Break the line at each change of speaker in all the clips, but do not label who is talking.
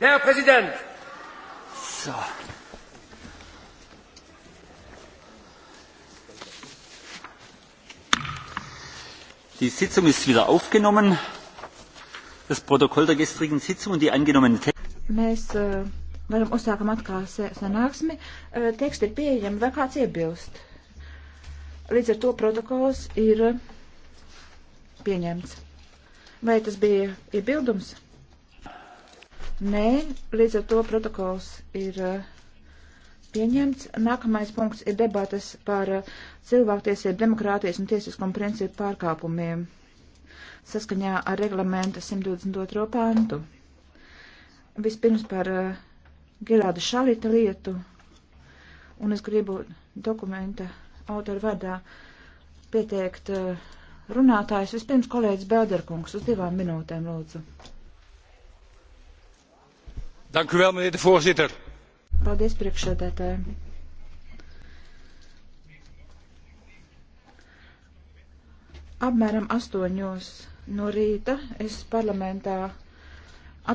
Der Präsident!
So.
Die Sitzung ist wieder aufgenommen. Das Protokoll der gestrigen Sitzung und die angenommenen Texte. Äh, eh, varam uzsākam atkal sanāksmi. Uh, teksti ir pieejami, vai kāds iebilst? Līdz ar to protokols ir pieņemts. Vai tas bija iebildums? Nē, līdz ar to protokols ir eh, pieņemts. Nākamais punkts ir debatas par eh, cilvēktiesību, demokrātijas un tiesiskumu principu pārkāpumiem saskaņā ar reglamenta 122. pantu. Vispirms par uh, eh, Gerāda Šalita lietu, un es gribu dokumenta autoru vārdā pieteikt uh, runātājs. Vispirms kolēģis Bēderkungs uz divām minūtēm lūdzu.
Vēl,
Paldies, priekšsēdētāji! Apmēram astoņos no rīta es parlamentā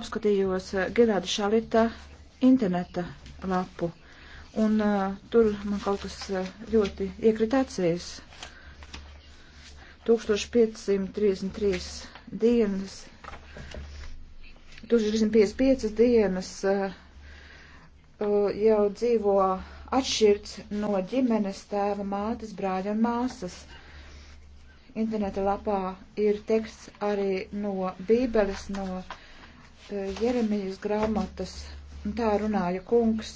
apskatījos Gerāda Šalita interneta lapu, un uh, tur man kaut kas uh, ļoti iekrita acīs. 1533 dienas 2055 dienas eh, eh, jau dzīvo atšķirts no ģimenes tēva, mātes, brāļa un māsas. Interneta lapā ir teksts arī no Bībeles, no eh, Jeremijas grāmatas, un tā runāja kungs.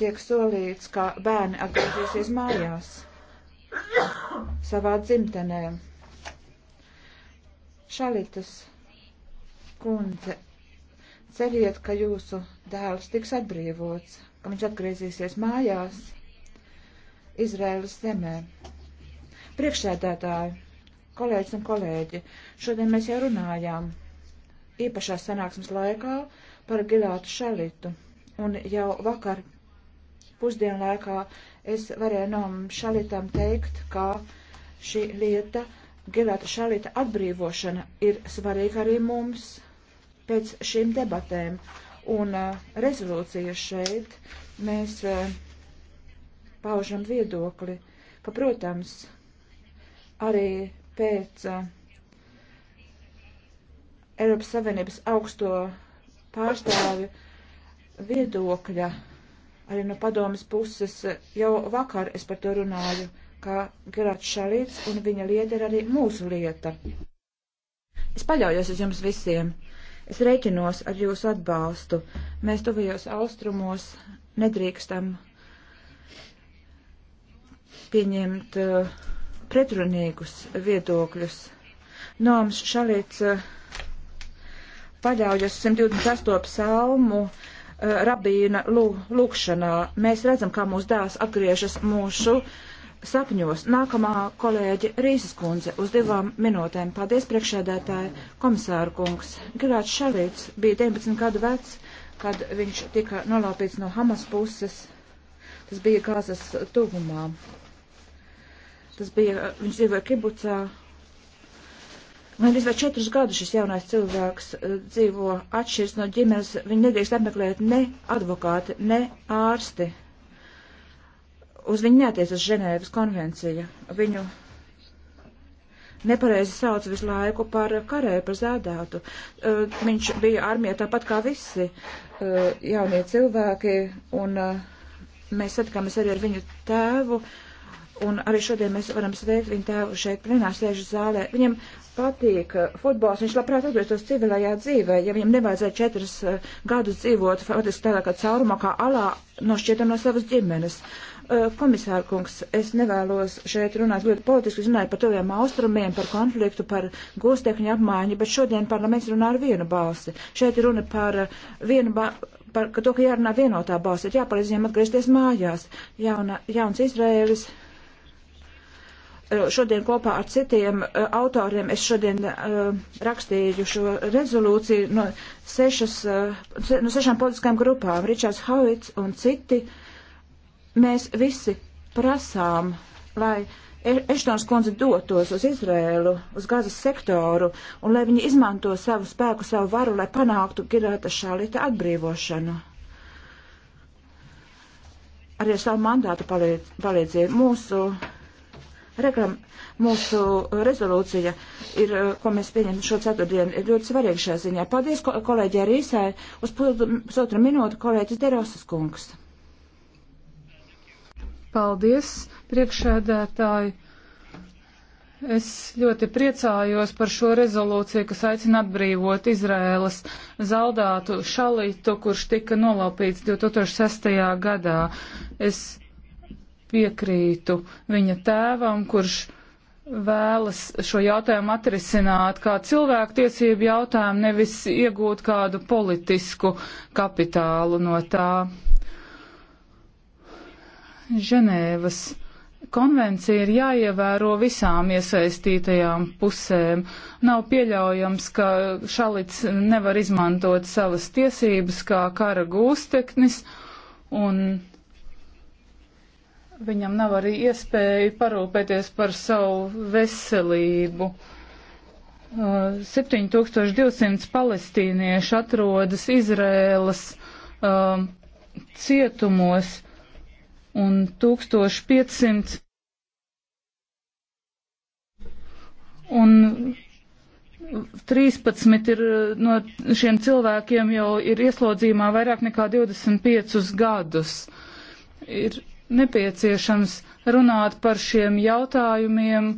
Tiek solīts, ka bērni atgriezīsies mājās, savā dzimtenē. Šalitas kundze, ceriet, ka jūsu dēls tiks atbrīvots, ka viņš atgriezīsies mājās Izraēlas zemē. Priekšsēdētāji, kolēģis un kolēģi, šodien mēs jau runājām īpašās sanāksmes laikā par Gilātu Šalitu, un jau vakar pusdienu laikā es varēju no Šalitam teikt, ka šī lieta, Gilāta Šalita atbrīvošana ir svarīga arī mums pēc šīm debatēm. Un uh, rezolūcija šeit mēs uh, paužam viedokli, ka, protams, arī pēc uh, Eiropas Savienības augsto pārstāvi viedokļa, arī no padomas puses, uh, jau vakar es par to runāju, ka Gerards Šalīts un viņa lieta ir arī mūsu lieta. Es paļaujos uz jums visiem. Es reiķinos ar jūsu atbalstu. Mēs tuvajos austrumos nedrīkstam pieņemt uh, pretrunīgus viedokļus. Noms Šalīts uh, paļaujas 128 psalmu uh, rabīna lū, lūkšanā. Mēs redzam, kā mūsu dēls atgriežas mūsu uh, sapņos. Nākamā kolēģe Rīsas kundze uz divām minūtēm. Paldies, priekšēdētāji, komisāra kungs. Gilāts Šalīts bija 19 gadu vecs, kad viņš tika nolaupīts no Hamas puses. Tas bija Gāzes tuvumā. Tas bija, viņš dzīvoja kibucā. Man ir vai četrus gadus šis jaunais cilvēks eh, dzīvo atšķirs no ģimenes. Viņu nedrīkst apmeklēt ne advokāti, ne ārsti uz viņu neatiecas Ženēvas konvencija. Viņu nepareizi sauc visu laiku par karēju, par zādātu. Uh, viņš bija armijā tāpat kā visi uh, jaunie cilvēki, un uh, mēs satikāmies arī ar viņu tēvu, un arī šodien mēs varam sveikt viņu tēvu šeit plenā sēžu zālē. Viņam patīk futbols, viņš labprāt atgrieztos civilajā dzīvē, ja viņam nevajadzēja četrus gadus dzīvot faktiski tādā kā caurumā, kā alā nošķietam no savas ģimenes. Uh, Eh, Komisārkungs, es nevēlos šeit runāt ļoti politiski, runāju par tuviem austrumiem, par konfliktu, par gūstekņu apmaiņu, bet šodien parlaments runā ar vienu balsi. Šeit runa par eh, vienu balsi. Par to, ka jārunā vienotā balss, ir jāpalīdz viņiem atgriezties mājās. Jauna, jauns Izraēlis eh, šodien kopā ar citiem autoriem es šodien uh, rakstīju šo rezolūciju no, sešas, uh, no sešām politiskām grupām - Ričards Hovits un citi. Uh, Mēs visi prasām, lai e- Eštons kundze dotos uz Izrēlu, uz Gazas sektoru, un lai viņi izmanto savu spēku, savu varu, lai panāktu Gilēta Šalita atbrīvošanu. Arī ar savu mandātu palīdz, palīdzību mūsu, reklam, mūsu rezolūcija, ir, eh, ko mēs pieņemam šo ceturtdienu, ir ļoti svarīga šajā ziņā. Paldies ko, kolēģi Arīsai. Uz pusotru minūtu kolēģis Derosas kungs. Paldies, priekšēdētāji.
Es ļoti priecājos par šo rezolūciju, kas aicina atbrīvot Izraēlas zaudātu šalītu, kurš tika nolaupīts 2006. gadā. Es piekrītu viņa tēvam, kurš vēlas šo jautājumu atrisināt kā cilvēktiesību jautājumu, nevis iegūt kādu politisku kapitālu no tā. Ženēvas konvencija ir jāievēro visām iesaistītajām pusēm. Nav pieļaujams, ka šalits nevar izmantot savas tiesības kā kara gūsteknis un viņam nav arī iespēja parūpēties par savu veselību. 7200 uh, palestīnieši atrodas Izrēlas um, cietumos un 1500. Un 13 ir, no šiem cilvēkiem jau ir ieslodzījumā vairāk nekā 25 gadus. Ir nepieciešams runāt par šiem jautājumiem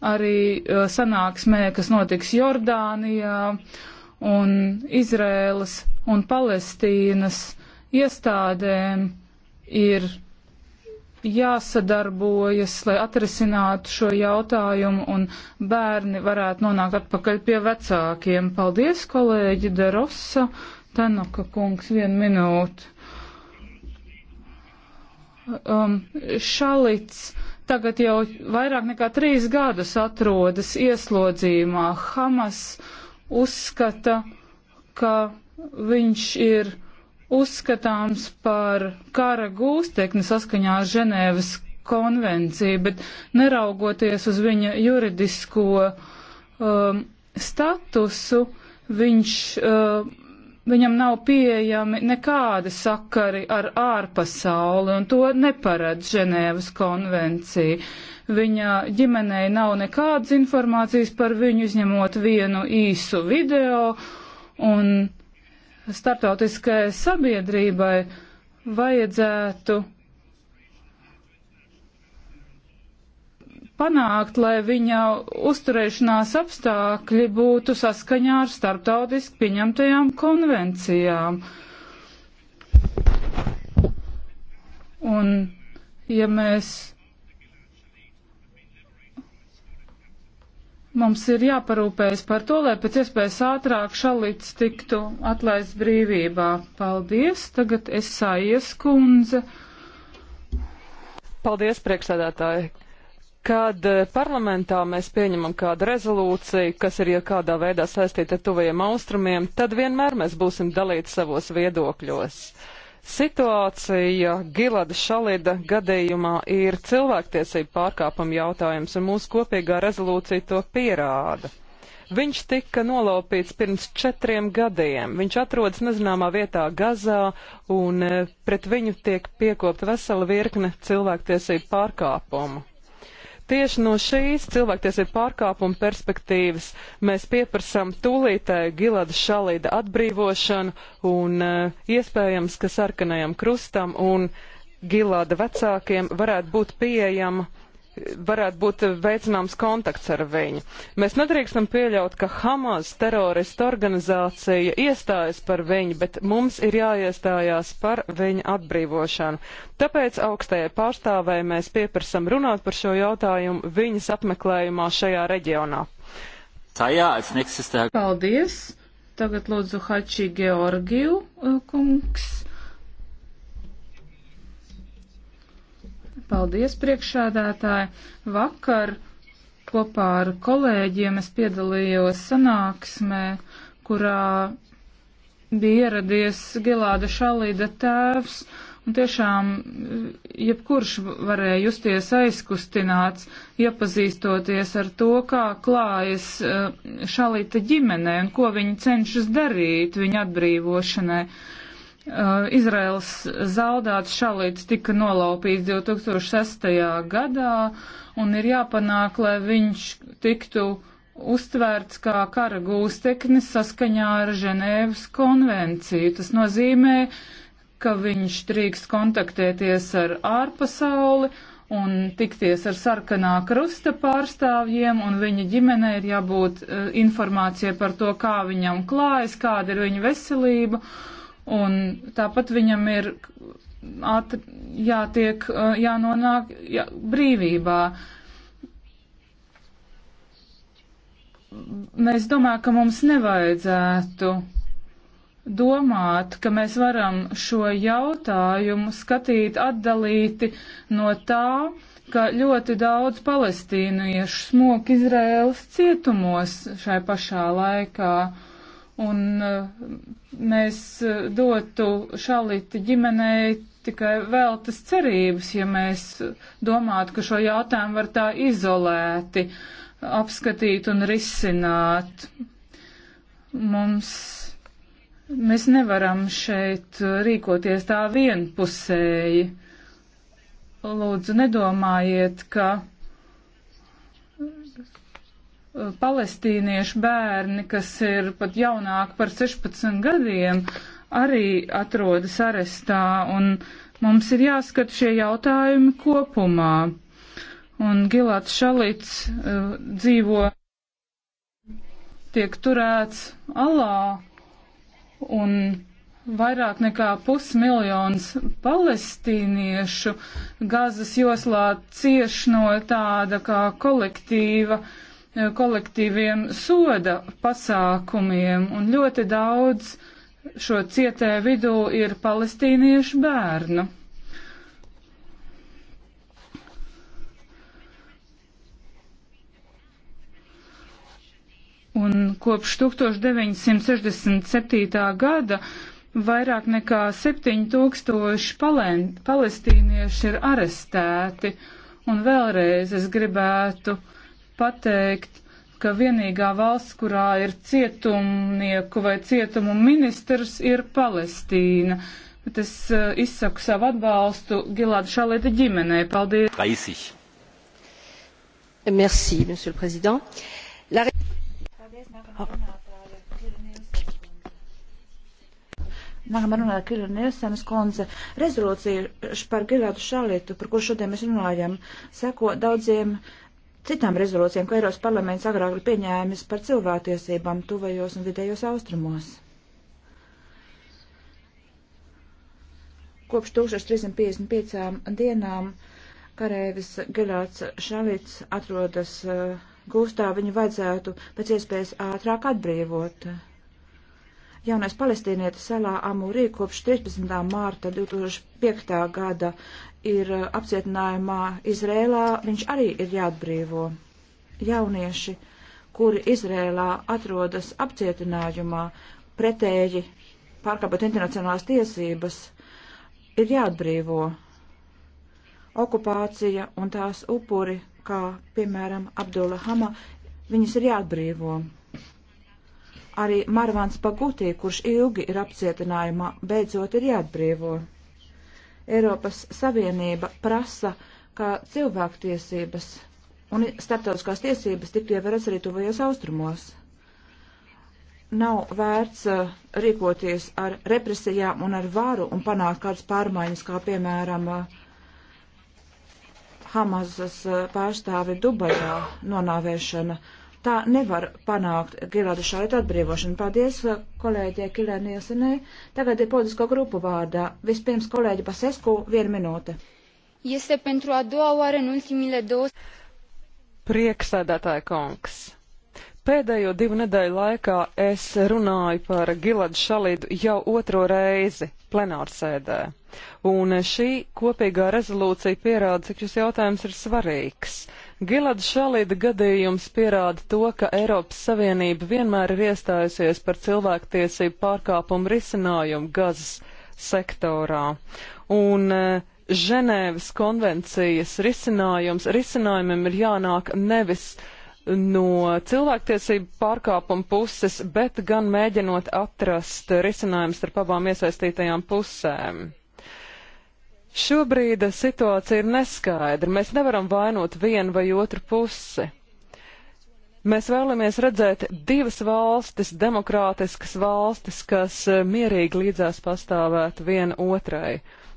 arī e, sanāksmē, kas notiks Jordānijā un Izrēlas un Palestīnas iestādēm ir jāsadarbojas, lai atrisinātu šo jautājumu un bērni varētu nonākt atpakaļ pie vecākiem. Paldies, kolēģi Derosa, Tanaka kungs, vienu minūtu. Um, šalits tagad jau vairāk nekā trīs gadus atrodas ieslodzījumā. Hamas uzskata, ka viņš ir uzskatāms par kara gūstekni saskaņā ar Ženēvas konvenciju, bet neraugoties uz viņa juridisko um, statusu, viņš, um, viņam nav pieejami nekādi sakari ar ārpasauli, un to neparedz Ženēvas konvencija. Viņa ģimenei nav nekādas informācijas par viņu, izņemot vienu īsu video, un starptautiskajai sabiedrībai vajadzētu panākt, lai viņa uzturēšanās apstākļi būtu saskaņā ar starptautiski pieņemtajām konvencijām. Un, ja mēs Mums ir jāparūpējas par to, lai pēc iespējas ātrāk šalīts tiktu atlaists brīvībā. Paldies, tagad es sājies kundze.
Paldies, priekšsēdētāji. Kad eh, parlamentā mēs pieņemam kādu rezolūciju, kas ir jau kādā veidā saistīta ar tuvajiem austrumiem, tad vienmēr mēs būsim dalīti savos viedokļos. Uh, Situācija Gilada Šalida gadījumā ir cilvēktiesība pārkāpuma jautājums, un mūsu kopīgā rezolūcija to pierāda. Viņš tika nolaupīts pirms četriem gadiem. Viņš atrodas nezināmā vietā Gazā, un eh, pret viņu tiek piekopta vesela virkne cilvēktiesību pārkāpumu. Tieši no šīs cilvēktiesību pārkāpuma perspektīvas mēs pieprasām tūlītēju Gilada Šalīda atbrīvošanu un eh, iespējams, ka sarkanajam krustam un Gilada vecākiem varētu būt pieejama varētu būt veicināms kontakts ar viņu. Mēs nedrīkstam pieļaut, ka Hamas terorista organizācija iestājas par viņu, bet mums ir jāiestājās par viņa atbrīvošanu. Tāpēc augstajai pārstāvēji mēs pieprasam runāt par šo jautājumu viņas apmeklējumā šajā reģionā. Paldies! Tagad lūdzu
Hači Georgiju eh, kungs. Paldies, priekšādātāji! Vakar kopā ar kolēģiem es piedalījos sanāksmē, kurā bija ieradies Gilāda Šalīda tēvs, un tiešām eh, jebkurš varēja justies aizkustināts, iepazīstoties ar to, kā klājas eh, Šalīta ģimenē un ko viņi cenšas darīt viņa atbrīvošanai. Uh, Izraels zaudāts šalīts tika nolaupīts 2006. gadā un ir jāpanāk, lai viņš tiktu uztvērts kā kara gūsteknis saskaņā ar Ženēvas konvenciju. Tas nozīmē, ka viņš drīkst kontaktēties ar ārpasauli un tikties ar sarkanā krusta pārstāvjiem, un viņa ģimenei ir jābūt uh, informācija par to, kā viņam klājas, kāda ir viņa veselība Un tāpat viņam ir at, jātiek, jānonāk jā, brīvībā. Mēs domājam, ka mums nevajadzētu domāt, ka mēs varam šo jautājumu skatīt atdalīti no tā, ka ļoti daudz palestīniešu smok Izraēlas cietumos šai pašā laikā. Uh, un eh, mēs eh, dotu šalīti ģimenei tikai veltas cerības, ja mēs domātu, ka šo jautājumu var tā izolēti apskatīt un risināt. Mums, mēs nevaram šeit rīkoties tā vienpusēji. Lūdzu, nedomājiet, ka palestīniešu bērni, kas ir pat jaunāki par 16 gadiem, arī atrodas arestā, un mums ir jāskat šie jautājumi kopumā. Un Gilāts Šalits uh, dzīvo, tiek turēts alā, un vairāk nekā pusmiljons palestīniešu gazas joslā cieš no tāda kā kolektīva uh, kolektīviem soda pasākumiem, un ļoti daudz šo cietē vidū ir palestīniešu bērnu. Un kopš 1967. gada vairāk nekā 7000 palestīnieši ir arestēti. Un vēlreiz es gribētu uh, pateikt, ka vienīgā valsts, kurā ir cietumnieku vai cietumu ministrs, ir Palestīna. Bet es uh, izsaku savu atbalstu Gilāda Šalēta ģimenei. Paldies! Paisī.
Merci, monsieur le
président.
La... Paldies, Nākamā runāja Kirila Nilsenas kundze. Rezolūcija par Gilādu Šalītu, par ko šodien mēs runājam, seko daudziem citām rezolūcijām, ko Eiropas parlaments agrāk ir pieņēmis par cilvēktiesībām tuvajos un vidējos austrumos. Kopš 1355 dienām karēvis Gelārds Šalits atrodas eh, gūstā, viņu vajadzētu pēc iespējas ātrāk atbrīvot. Uh, jaunais palestīnietis salā Amūrī kopš 13. mārta 2005. gada ir uh, apcietinājumā Izrēlā, viņš arī ir jāatbrīvo. Jaunieši, kuri Izrēlā atrodas apcietinājumā pretēji pārkāpot internacionālās tiesības, ir jāatbrīvo. Okupācija un tās upuri, kā piemēram Abdula Hama, viņas ir jāatbrīvo. Arī Marvāns Pagutī, kurš ilgi ir apcietinājumā, beidzot ir jāatbrīvo. Eiropas Savienība prasa, ka cilvēktiesības un starptautiskās tiesības tiktu ievērots arī tuvajos austrumos. Nav vērts uh, rīkoties ar represijām un ar varu un panākt kādas pārmaiņas, kā piemēram uh, Hamasas uh, pārstāvi Dubajā nonāvēšana. Uh, Tā nevar panākt Gilāda Šaita atbrīvošanu. Paldies uh, kolēģie Kilē Nielsenē. Tagad ir politisko grupu vārdā. Vispirms kolēģi Pasesku, viena minūte.
Este pentru a doua oară în ultimile două.
Prieksēdētāja kungs. Pēdējo divu nedēļu laikā es runāju par Giladu Šalidu jau otro reizi plenārsēdē. Un šī kopīgā rezolūcija pierāda, cik šis jautājums ir svarīgs. Gilada Šalīda gadījums pierāda to, ka Eiropas Savienība vienmēr ir iestājusies par cilvēktiesību pārkāpumu risinājumu gazas sektorā. Un e, Ženēvas konvencijas risinājums, risinājumam ir jānāk nevis no cilvēktiesību pārkāpuma puses, bet gan mēģinot atrast risinājumu starp abām iesaistītajām pusēm. Šobrīd situācija ir neskaidra. Mēs nevaram vainot vienu vai otru pusi. Mēs vēlamies redzēt divas valstis, demokrātiskas valstis, kas eh, mierīgi līdzās pastāvētu viena otrai.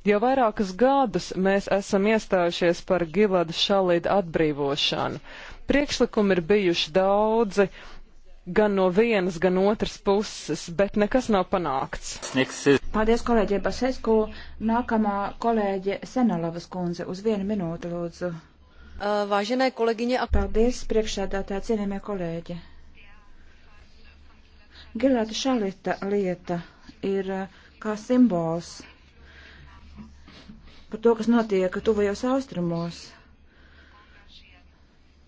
Jau vairākus gadus mēs esam iestājušies par Gilada šalīda atbrīvošanu. Priekšlikumi ir bijuši daudzi, gan no vienas, gan otras puses, bet nekas nav
panākts. Paldies kolēģiem Basesku. Nākamā kolēģe Senalovas kundze uz vienu minūti lūdzu. Vāženai kolēģiņa. Paldies priekšsēdētāji, cienījamie kolēģi. Gilēta Šalita lieta ir kā simbols par to, kas notiek tuvajos austrumos.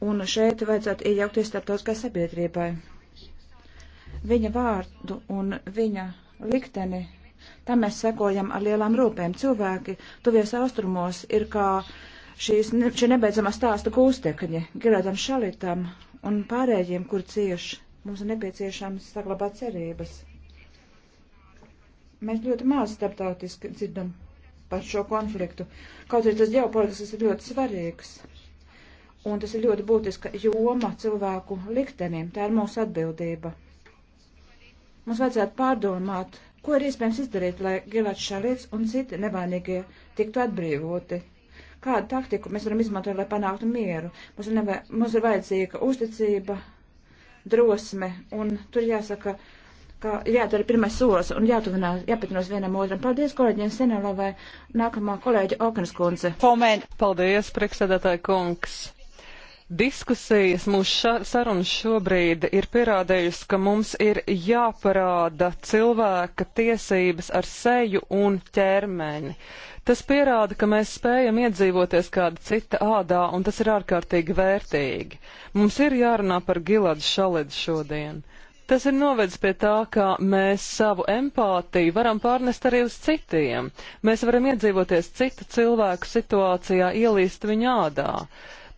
Un šeit vajadzētu iejaukties starptautiskai sabiedrībai viņa vārdu un viņa likteni. Tam mēs sekojam ar lielām rūpēm. Cilvēki tuvies austrumos ir kā šīs, šī nebeidzamā stāsta gūstekņi, Gerardam Šalitam un pārējiem, kur cieši. Mums ir nepieciešams saglabāt cerības. Mēs ļoti maz starptautiski dzirdam par šo konfliktu. Kaut arī tas ģeopolitiski ir ļoti svarīgs. Un tas ir ļoti būtiska joma cilvēku liktenim. Tā ir mūsu atbildība. Mums vajadzētu pārdomāt, ko ir iespējams izdarīt, lai Gilāts Šalīts un citi nevainīgie tiktu atbrīvoti. Kādu taktiku mēs varam izmantot, lai panāktu mieru? Mums ir, nevai, mums ir vajadzīga uzticība, drosme, un tur jāsaka, ka jādara pirmais solis un jātuvinās, jāpatinās vienam otram. Paldies kolēģiem Senelovai, nākamā kolēģa Okanas kundze. Paldies, priekšsēdētāja kungs. Diskusijas mūsu
sarunas šobrīd ir pierādējusi, ka mums ir jāparāda cilvēka tiesības ar seju un ķermeni. Tas pierāda, ka mēs spējam iedzīvoties kāda cita ādā, un tas ir ārkārtīgi vērtīgi. Mums ir jārunā par Giladu Šalidzu šodien. Tas ir novedis pie tā, ka mēs savu empātiju varam pārnest arī uz citiem. Mēs varam iedzīvoties citu cilvēku situācijā, ielīst viņu ādā.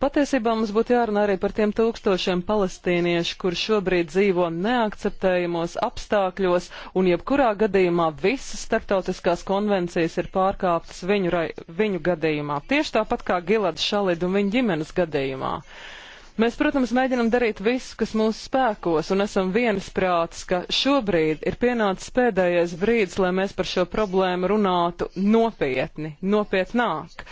Patiesībā mums būtu jārunā arī par tiem tūkstošiem palestīniešu, kur šobrīd dzīvo neakceptējumos apstākļos, un jebkurā gadījumā visas starptautiskās konvencijas ir pārkāptas viņu, viņu gadījumā. Tieši tāpat kā Gilad Šalid un viņa ģimenes gadījumā. Mēs, protams, mēģinam darīt visu, kas mūsu spēkos, un esam viensprāts, ka šobrīd ir pienācis pēdējais brīdis, lai mēs par šo problēmu runātu nopietni, nopietnāk.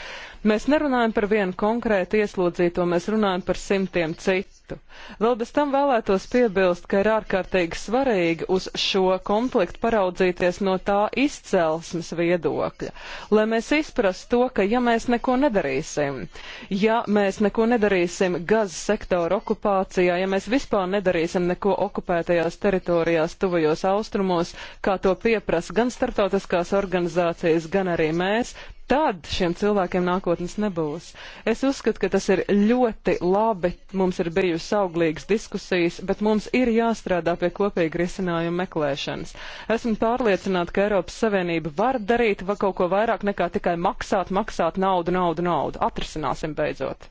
Mēs nerunājam par vienu konkrētu ieslodzīto, mēs runājam par simtiem citu konfliktu. Vēl bez tam vēlētos piebilst, ka ir ārkārtīgi svarīgi uz šo konfliktu paraudzīties no tā izcelsmes viedokļa, lai mēs izprastu to, ka ja mēs neko nedarīsim, ja mēs neko nedarīsim gazas sektora okupācijā, ja mēs vispār nedarīsim neko okupētajās teritorijās tuvajos austrumos, kā to pieprasa gan starptautiskās organizācijas, gan arī mēs, tad šiem cilvēkiem nākotnes nebūs. Es uzskatu, ka tas ir ļoti labi, mums ir bijusi auglīgas diskusijas, bet mums ir jāstrādā pie kopīga risinājuma meklēšanas. Esmu pārliecināta, ka Eiropas Savienība var darīt va kaut ko vairāk nekā tikai maksāt, maksāt naudu, naudu, naudu. Atrisināsim beidzot.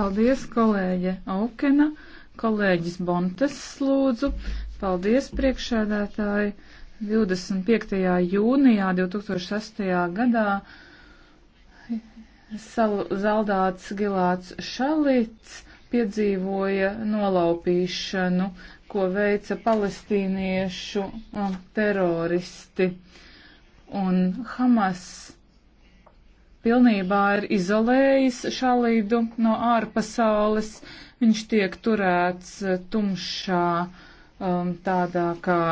Paldies, kolēģe
Aukena, kolēģis Bontes lūdzu. Paldies, priekšēdētāji. 25. jūnijā 2006. gadā saldāts Gilāts Šalits piedzīvoja nolaupīšanu, ko veica palestīniešu uh, teroristi. Un Hamas pilnībā ir izolējis Šalīdu no ārpasaules. Viņš tiek turēts uh, tumšā um, tādā kā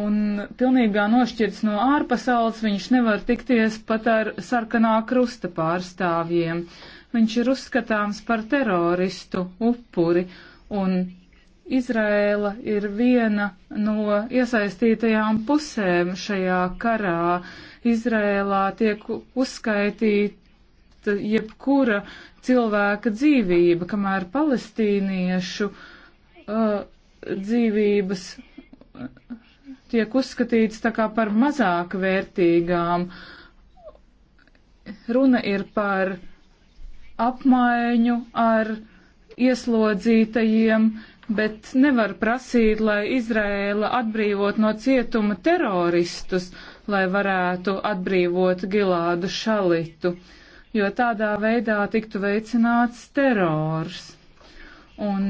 un pilnīgā nošķirts no ārpasaules viņš nevar tikties pat ar sarkanā krusta pārstāvjiem. Viņš ir uzskatāms par teroristu upuri, un Izraēla ir viena no iesaistītajām pusēm šajā karā. Izraēlā tiek uzskaitīta jebkura cilvēka dzīvība, kamēr palestīniešu uh, dzīvības tiek uzskatītas tā kā par mazāk vērtīgām. Runa ir par apmaiņu ar ieslodzītajiem, bet nevar prasīt, lai Izraēla atbrīvot no cietuma teroristus, lai varētu atbrīvot Gilādu Šalitu, jo tādā veidā tiktu veicināts terors. Un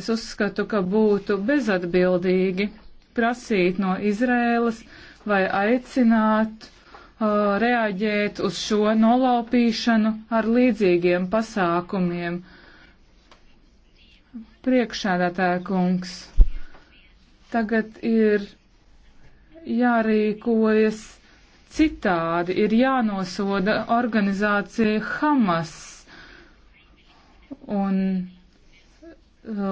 es uzskatu, ka būtu bezatbildīgi prasīt no Izrēlas vai aicināt uh, reaģēt uz šo nolaupīšanu ar līdzīgiem pasākumiem. Priekšādātāja kungs, tagad ir jārīkojas citādi, ir jānosoda organizācija Hamas un uh,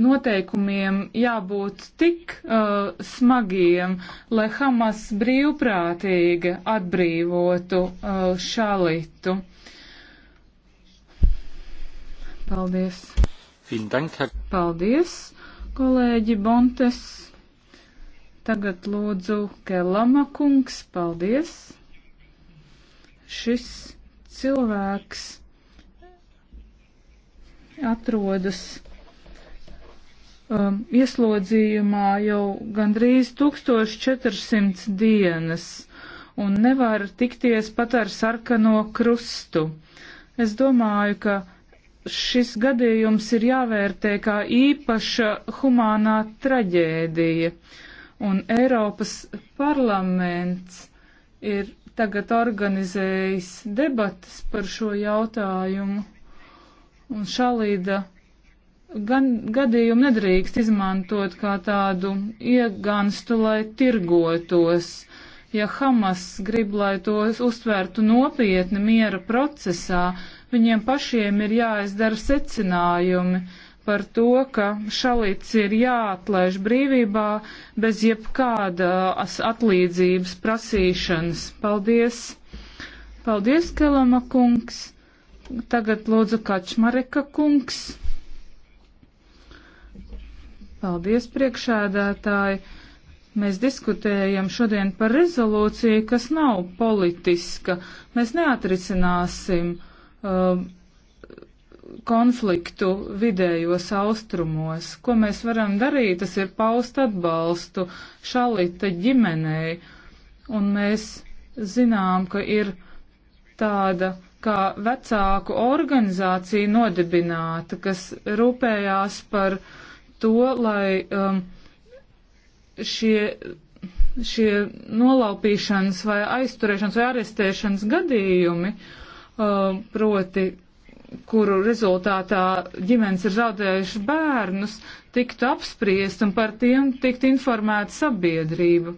noteikumiem jābūt tik uh, smagiem, lai Hamas brīvprātīgi atbrīvotu uh, šalitu. Paldies. Paldies, kolēģi Bontes. Tagad lūdzu Kelama kungs. Paldies. Šis cilvēks atrodas um, ieslodzījumā jau gandrīz 1400 dienas un nevar tikties pat ar sarkano krustu. Es domāju, ka šis gadījums ir jāvērtē kā īpaša humānā traģēdija, un Eiropas parlaments ir tagad organizējis debatas par šo jautājumu, un Šalīda gan gadījumu nedrīkst izmantot kā tādu iegānstu, lai tirgotos. Ja Hamas grib, lai tos uztvērtu nopietni miera procesā, viņiem pašiem ir jāizdara secinājumi par to, ka šalīts ir jāatlaiž brīvībā bez jebkādas uh, atlīdzības prasīšanas. Paldies! Paldies, Kelama kungs! Tagad lūdzu Kačmareka kungs! Paldies, priekšēdētāji! Mēs diskutējam šodien par rezolūciju, kas nav politiska. Mēs neatrisināsim um, konfliktu vidējos austrumos. Ko mēs varam darīt, tas ir paust atbalstu šalita ģimenei. Un mēs zinām, ka ir tāda kā vecāku organizācija nodibināta, kas rūpējās par uh, to, lai um, šie, šie nolaupīšanas vai aizturēšanas vai arestēšanas gadījumi, um, proti, kuru rezultātā ģimenes ir zaudējuši bērnus, tiktu apspriest un par tiem tiktu informēta sabiedrība.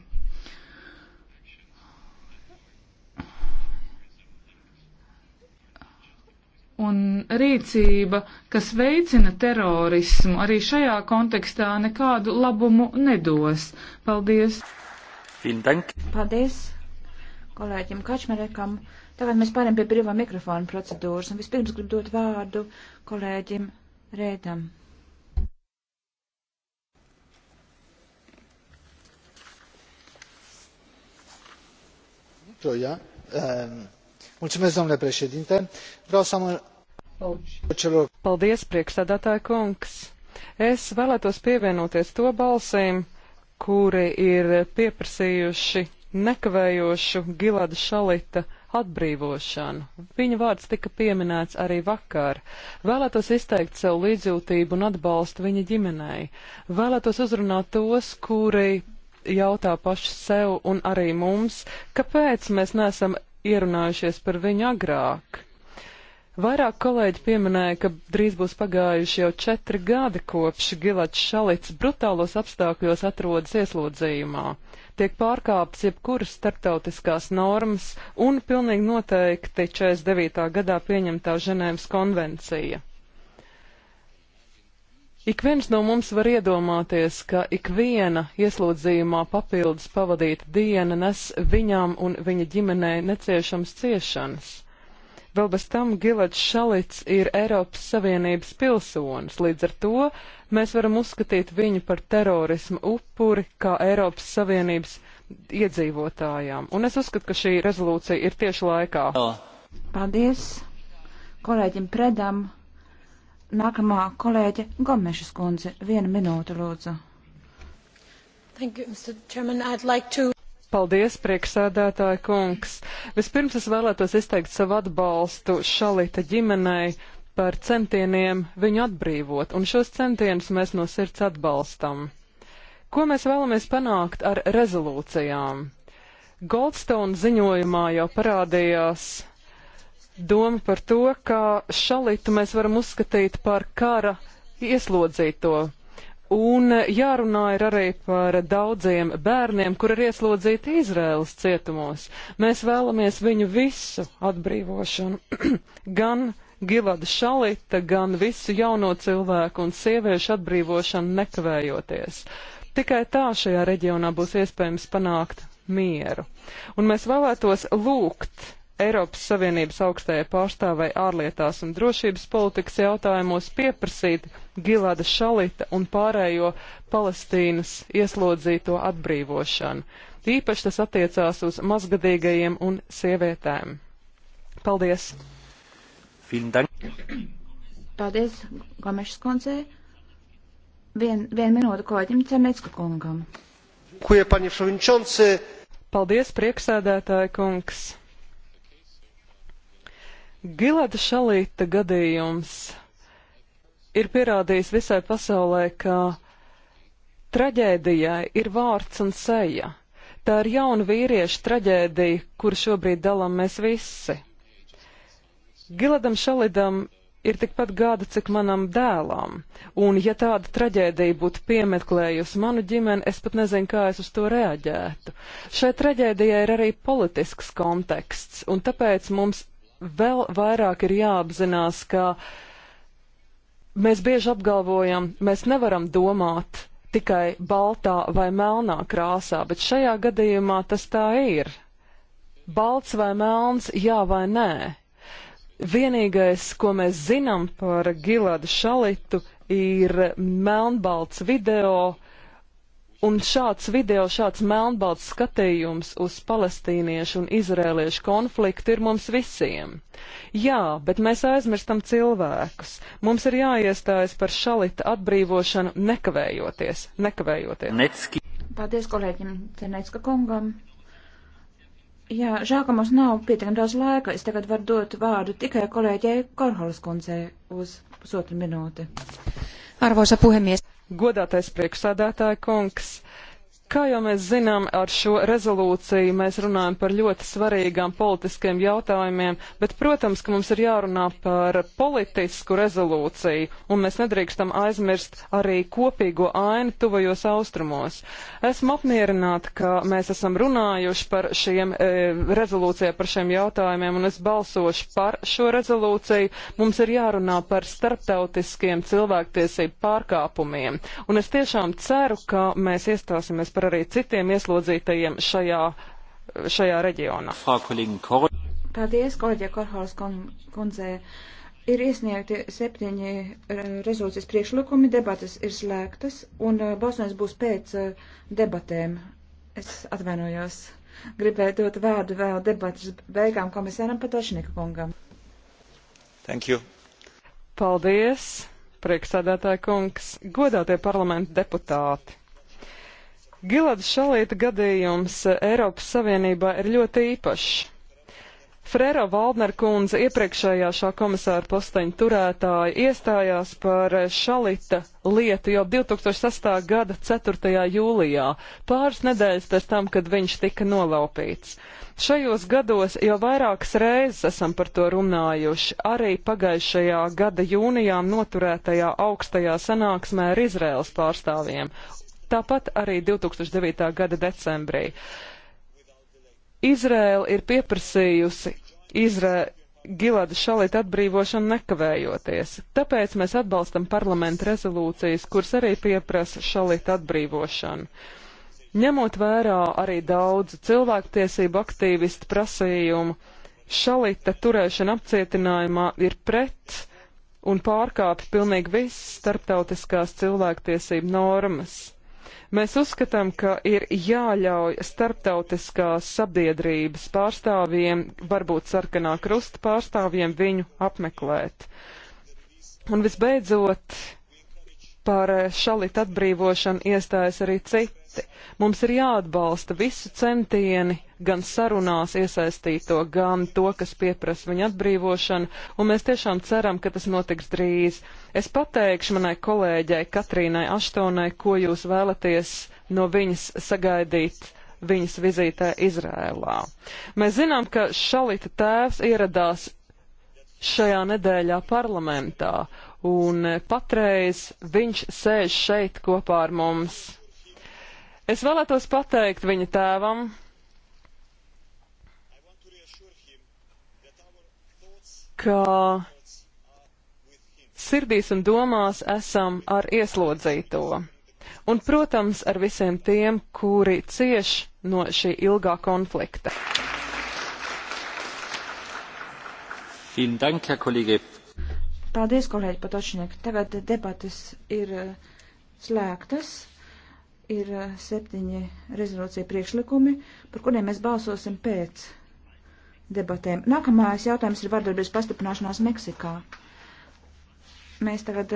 un rīcība, kas veicina terorismu, arī šajā kontekstā nekādu labumu nedos. Paldies!
Paldies kolēģim Kačmerekam. Tagad mēs pāriem pie brīvā mikrofona procedūras, un vispirms gribu dot vārdu kolēģim Rētam.
domnule președinte vreau să Paldies, priekšsēdētāja kungs. Es vēlētos pievienoties to balsīm, kuri ir pieprasījuši nekavējošu Gilada Šalita atbrīvošanu. Viņa vārds tika pieminēts arī vakar. Vēlētos izteikt sev līdzjūtību un atbalstu viņa ģimenei. Vēlētos uzrunāt tos, kuri jautā paši sev un arī mums, kāpēc mēs neesam ierunājušies par viņu agrāk. Vairāk kolēģi pieminēja, ka drīz būs pagājuši jau četri gadi kopš Gilats Šalits brutālos apstākļos atrodas ieslodzījumā. Tiek pārkāptas jebkuras starptautiskās normas un pilnīgi noteikti 49. gadā pieņemtā Ženēvas konvencija. Ik viens no mums var iedomāties, ka ik viena ieslodzījumā papildus pavadīta diena nes viņām un viņa ģimenei neciešams ciešanas Vēl bez tam Gilets Šalits ir Eiropas Savienības pilsonis, līdz ar to mēs varam uzskatīt viņu par terorismu upuri kā Eiropas Savienības iedzīvotājām. Un es uzskatu, ka šī rezolūcija ir tieši laikā.
Paldies kolēģim Predam. Nākamā kolēģe Gomešas kundze, viena minūte lūdzu. You,
like to... Paldies, prieksēdētāja kungs. Vispirms es vēlētos izteikt savu atbalstu Šalita ģimenei par centieniem viņu atbrīvot, un šos centienus mēs no sirds atbalstam. Ko mēs vēlamies panākt ar rezolūcijām? Goldstone ziņojumā jau parādījās doma par to, ka Šalitu mēs varam uzskatīt par kara ieslodzīto Un jārunā ir arī par daudziem bērniem, kur ir ieslodzīti Izraels cietumos. Mēs vēlamies viņu visu atbrīvošanu, gan Gilada Šalita, gan visu jauno cilvēku un sieviešu atbrīvošanu nekavējoties. Tikai tā šajā reģionā būs iespējams panākt mieru. Un mēs vēlētos lūgt Eiropas Savienības augstajai pārstāvai ārlietās un drošības politikas jautājumos pieprasīt Gilada Šalita un pārējo Palestīnas ieslodzīto atbrīvošanu. Īpaši tas attiecās uz mazgadīgajiem un sievietēm.
Paldies! Paldies, Gomešas koncē. Vien, vien minūte kolēģim Cernecka kungam.
Paldies, prieksēdētāja kungs! Gilada Šalīta gadījums ir pierādījis visai pasaulē, ka traģēdijai ir vārds un seja. Tā ir jauna vīrieša traģēdija, kur šobrīd dalām mēs visi. Giladam Šalidam ir tikpat gada, cik manam dēlam, un ja tāda traģēdija būtu piemeklējusi manu ģimeni, es pat nezinu, kā es uz to reaģētu. Šai traģēdijai ir arī politisks konteksts, un tāpēc mums vēl vairāk ir jāapzinās, ka mēs bieži apgalvojam, mēs nevaram domāt tikai baltā vai melnā krāsā, bet šajā gadījumā tas tā ir. Balts vai melns, jā vai nē. Vienīgais, ko mēs zinām par Gilādu Šalitu, ir melnbalts video, Un šāds video, šāds melnbalts skatījums uz palestīniešu un izrēliešu konfliktu ir mums visiem. Jā, bet mēs aizmirstam cilvēkus. Mums ir jāiestājas par šalita atbrīvošanu nekavējoties. Nekavējoties. Necki.
Paldies kolēģim Cenecka kungam. Jā, žēl, ka mums nav pietiekami daudz laika. Es tagad varu dot vārdu tikai kolēģei Korholas kundzei uz pusotru minūti. Arvoisa puhemies. Godātais priekšsādātāja kungs,
Kā jau mēs zinām, ar šo rezolūciju mēs runājam par ļoti svarīgām politiskiem jautājumiem, bet, protams, ka mums ir jārunā par politisku rezolūciju, un mēs nedrīkstam aizmirst arī kopīgo ainu tuvajos austrumos. Esmu apmierināta, ka mēs esam runājuši par šiem e, rezolūcijā par šiem jautājumiem, un es balsošu par šo rezolūciju. Mums ir jārunā par starptautiskiem cilvēktiesību pārkāpumiem, un es tiešām ceru, ka mēs iestāsimies par arī citiem ieslodzītajiem šajā, šajā reģionā. Paldies,
kolēģie Korholas kundzei. Ir iesniegti septiņi eh, rezolūcijas priekšlikumi, debatas ir slēgtas un eh, balsojums būs pēc eh, debatēm. Es atvainojos. Gribēju dot vārdu vēl debatas beigām komisāram Patošnika kungam. Thank you. Paldies,
priekšsādātāja kungs, godātie parlamenta deputāti. Gilada Šalīta gadījums eh, Eiropas Savienībā ir ļoti īpašs. Frero Valdner kundze iepriekšējā šā komisāra posteņa turētāja iestājās par eh, Šalita lietu jau 2006. gada 4. jūlijā, pāris nedēļas pēc tam, kad viņš tika nolaupīts. Šajos gados jau vairākas reizes esam par to runājuši, arī pagājušajā gada jūnijā noturētajā augstajā sanāksmē ar Izraels pārstāvjiem tāpat arī 2009. gada decembrī. Izrēla ir pieprasījusi Izrē, Gilada Šalita atbrīvošanu nekavējoties. Tāpēc mēs atbalstam parlamenta rezolūcijas, kuras arī pieprasa Šalita atbrīvošanu. Ņemot vērā arī daudzu cilvēktiesību aktīvistu prasījumu, Šalita turēšana apcietinājumā ir pret un pārkāpj pilnīgi visas starptautiskās cilvēktiesību normas. Mēs uzskatām, ka ir jāļauj starptautiskās sabiedrības pārstāvjiem, varbūt sarkanā krusta pārstāvjiem, viņu apmeklēt. Un visbeidzot, par šalit atbrīvošanu iestājas arī citi. Mums ir jāatbalsta visu centieni gan sarunās iesaistīto, gan to, kas pieprasa viņa atbrīvošanu, un mēs tiešām ceram, ka tas notiks drīz. Es pateikšu manai kolēģei Katrīnai Aštonai, ko jūs vēlaties no viņas sagaidīt viņas vizītē Izrēlā. Mēs zinām, ka Šalita tēvs ieradās šajā nedēļā parlamentā, un patreiz viņš sēž šeit kopā ar mums. Es vēlētos pateikt viņa tēvam, ka sirdīs un domās esam ar ieslodzīto. Un, protams, ar visiem tiem, kuri cieš no šī ilgā konflikta.
Paldies, kolēģi Patočnieki. Tagad debatas ir eh, slēgtas. Ir eh, septiņi rezolūcija priekšlikumi, par kuriem mēs balsosim pēc debatēm. Nākamais jautājums ir vardarbības pastiprināšanās Meksikā. Mēs tagad